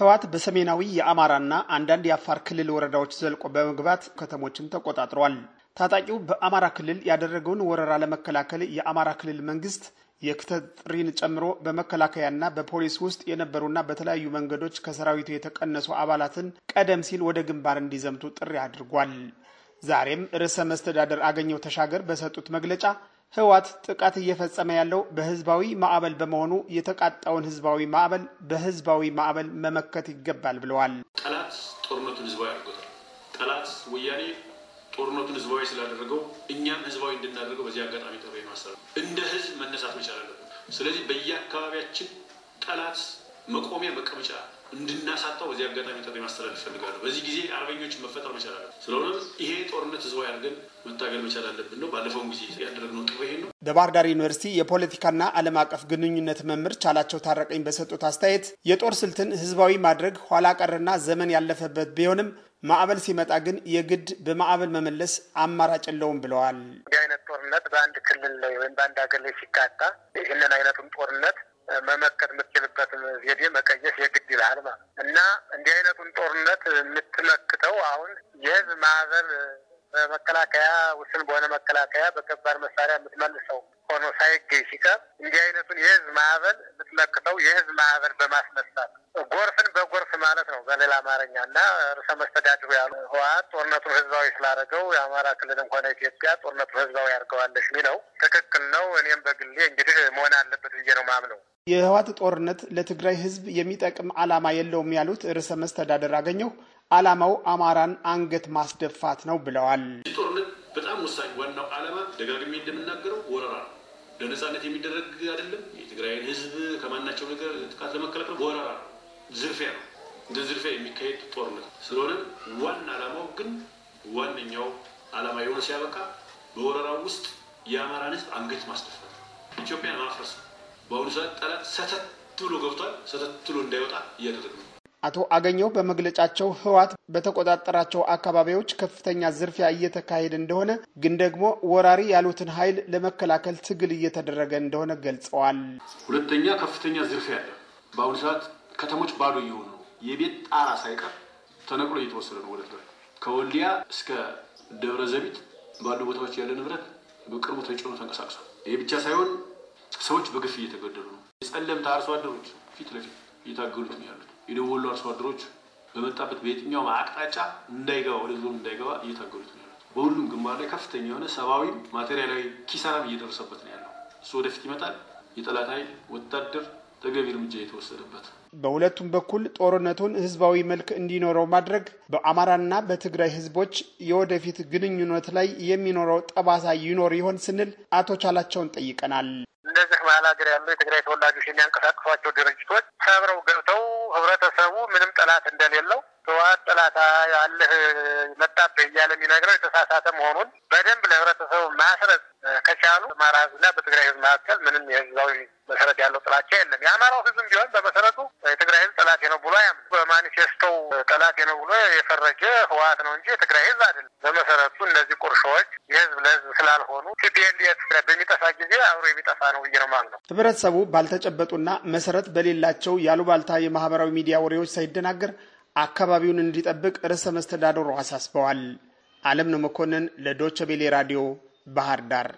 ህወሓት በሰሜናዊ የአማራና አንዳንድ የአፋር ክልል ወረዳዎች ዘልቆ በመግባት ከተሞችን ተቆጣጥሯል። ታጣቂው በአማራ ክልል ያደረገውን ወረራ ለመከላከል የአማራ ክልል መንግስት የክተት ጥሪን ጨምሮ በመከላከያና በፖሊስ ውስጥ የነበሩና በተለያዩ መንገዶች ከሰራዊቱ የተቀነሱ አባላትን ቀደም ሲል ወደ ግንባር እንዲዘምቱ ጥሪ አድርጓል። ዛሬም ርዕሰ መስተዳደር አገኘው ተሻገር በሰጡት መግለጫ ህወሓት ጥቃት እየፈጸመ ያለው በህዝባዊ ማዕበል በመሆኑ የተቃጣውን ህዝባዊ ማዕበል በህዝባዊ ማዕበል መመከት ይገባል ብለዋል። ጠላት ጦርነቱን ህዝባዊ አድርጎታል። ጠላት ወያኔ ጦርነቱን ህዝባዊ ስላደረገው እኛም ህዝባዊ እንድናደርገው በዚህ አጋጣሚ ጥሪ ማሰብ እንደ ህዝብ መነሳት መቻል አለብን። ስለዚህ በየአካባቢያችን ጠላት መቆሚያ መቀመጫ እንድናሳጣው በዚህ አጋጣሚ ጥሪ ማስተላለፍ ይፈልጋሉ። በዚህ ጊዜ አርበኞችን መፈጠር መቻል አለብን። ስለሆነ ይሄ ጦርነት ህዝባዊ ያርገን መታገል መቻል አለብን ነው። ባለፈውም ጊዜ ያደረግነው ጥሪ ይሄ ነው። በባህር ዳር ዩኒቨርሲቲ የፖለቲካና ዓለም አቀፍ ግንኙነት መምህር ቻላቸው ታረቀኝ በሰጡት አስተያየት የጦር ስልትን ህዝባዊ ማድረግ ኋላ ቀርና ዘመን ያለፈበት ቢሆንም ማዕበል ሲመጣ ግን የግድ በማዕበል መመለስ አማራጭ የለውም ብለዋል። እንዲህ አይነት ጦርነት በአንድ ክልል ላይ ወይም በአንድ ሀገር ላይ ሲቃጣ ይህንን አይነቱም ጦርነት መመከት የምትችልበትን ዘዴ መቀየስ የግድ ይላል ማለት እና እንዲህ አይነቱን ጦርነት የምትመክተው አሁን የህዝብ ማህበር በመከላከያ ውስን በሆነ መከላከያ በከባድ መሳሪያ የምትመልሰው ሆኖ ሳይገኝ ሲቀር እንዲህ አይነቱን የህዝብ ማዕበል የምትመክተው የህዝብ ማዕበል በማስነሳት ጎርፍን በጎርፍ ማለት ነው በሌላ አማርኛ እና ርዕሰ መስተዳድሩ ያሉ ህወሓት ጦርነቱን ህዝባዊ ስላደረገው የአማራ ክልልም ሆነ ኢትዮጵያ ጦርነቱን ህዝባዊ ያድርገዋለች የሚለው ትክክል ነው። እኔም በግሌ እንግዲህ መሆን አለበት ብዬ ነው ማምነው። የህወሓት ጦርነት ለትግራይ ህዝብ የሚጠቅም ዓላማ የለውም ያሉት ርዕሰ መስተዳደር አገኘው ዓላማው አማራን አንገት ማስደፋት ነው ብለዋል። ጦርነት በጣም ወሳኝ ዋናው ዓላማ ደጋግሜ እንደምናገረው ወረራ ነው። ለነጻነት የሚደረግ አይደለም። የትግራይን ህዝብ ከማናቸው ነገር ጥቃት ለመከላከል ወረራ ነው፣ ዝርፊያ ነው። እንደ ዝርፊያ የሚካሄድ ጦርነት ስለሆነ ዋና ዓላማው ግን ዋነኛው ዓላማ የሆነ ሲያበቃ በወረራው ውስጥ የአማራን ህዝብ አንገት ማስደፋት፣ ኢትዮጵያን ማፍረስ ነው። በአሁኑ ሰዓት ጠላት ሰተት ብሎ ገብቷል። ሰተት ብሎ እንዳይወጣ እያደረግ ነው። አቶ አገኘው በመግለጫቸው ህወሓት በተቆጣጠራቸው አካባቢዎች ከፍተኛ ዝርፊያ እየተካሄደ እንደሆነ ግን ደግሞ ወራሪ ያሉትን ኃይል ለመከላከል ትግል እየተደረገ እንደሆነ ገልጸዋል። ሁለተኛ ከፍተኛ ዝርፊያ ያለ በአሁኑ ሰዓት ከተሞች ባዶ እየሆኑ ነው። የቤት ጣራ ሳይቀር ተነቅሎ እየተወሰደ ነው። ወደ ከወልዲያ እስከ ደብረ ዘቢት ባሉ ቦታዎች ያለ ንብረት በቅርቡ ተጭኖ ተንቀሳቅሷል። ይህ ብቻ ሳይሆን ሰዎች በግፍ እየተገደሉ ነው። የጸለምታ አርሶ አደሮች ፊት ለፊት እየታገሉት ነው ያሉት። የደወሉ አርሶ አደሮች በመጣበት በየትኛውም አቅጣጫ እንዳይገባ ወደ ዞን እንዳይገባ እየታገሉት ነው ያሉት። በሁሉም ግንባር ላይ ከፍተኛ የሆነ ሰብአዊ ማቴሪያላዊ ኪሳራም እየደረሰበት ነው ያለው። እሱ ወደፊት ይመጣል። የጠላት ኃይል ወታደር ተገቢ እርምጃ የተወሰደበት በሁለቱም በኩል ጦርነቱን ህዝባዊ መልክ እንዲኖረው ማድረግ በአማራና በትግራይ ህዝቦች የወደፊት ግንኙነት ላይ የሚኖረው ጠባሳ ይኖር ይሆን ስንል አቶ ቻላቸውን ጠይቀናል። እነዚህ መሀል ሀገር ያሉ የትግራይ ተወላጆች የሚያንቀሳቅሷቸው ድርጅቶች ሰብረው ገብተው ህብረተሰቡ ምንም ጠላት እንደሌለው ህወሓት ጠላት ያለህ መጣብህ እያለ የሚነግረው የተሳሳተ መሆኑን በደንብ ለህብረተሰቡ ማስረት ከቻሉ አማራ ህዝብና በትግራይ ህዝብ መካከል ምንም የህዝባዊ መሰረት ያለው ጥላቻ የለም። የአማራው ህዝብም ቢሆን በመሰረቱ የትግራይ ህዝብ ጠላቴ ነው በማኒፌስቶው ጠላት ነው ብሎ የፈረጀ ህወሓት ነው እንጂ የትግራይ ህዝብ አይደለም። በመሰረቱ እነዚህ ቁርሾዎች የህዝብ ለህዝብ ስላልሆኑ ቲፒኤልኤፍ በሚጠፋ ጊዜ አብሮ የሚጠፋ ነው ብዬ ነው ማለት ነው። ህብረተሰቡ ባልተጨበጡና መሰረት በሌላቸው ያሉባልታ የማህበራዊ ሚዲያ ወሬዎች ሳይደናገር አካባቢውን እንዲጠብቅ ርዕሰ መስተዳድሩ አሳስበዋል። አለም ነው መኮንን ለዶቸ ቤሌ ራዲዮ ባህር ዳር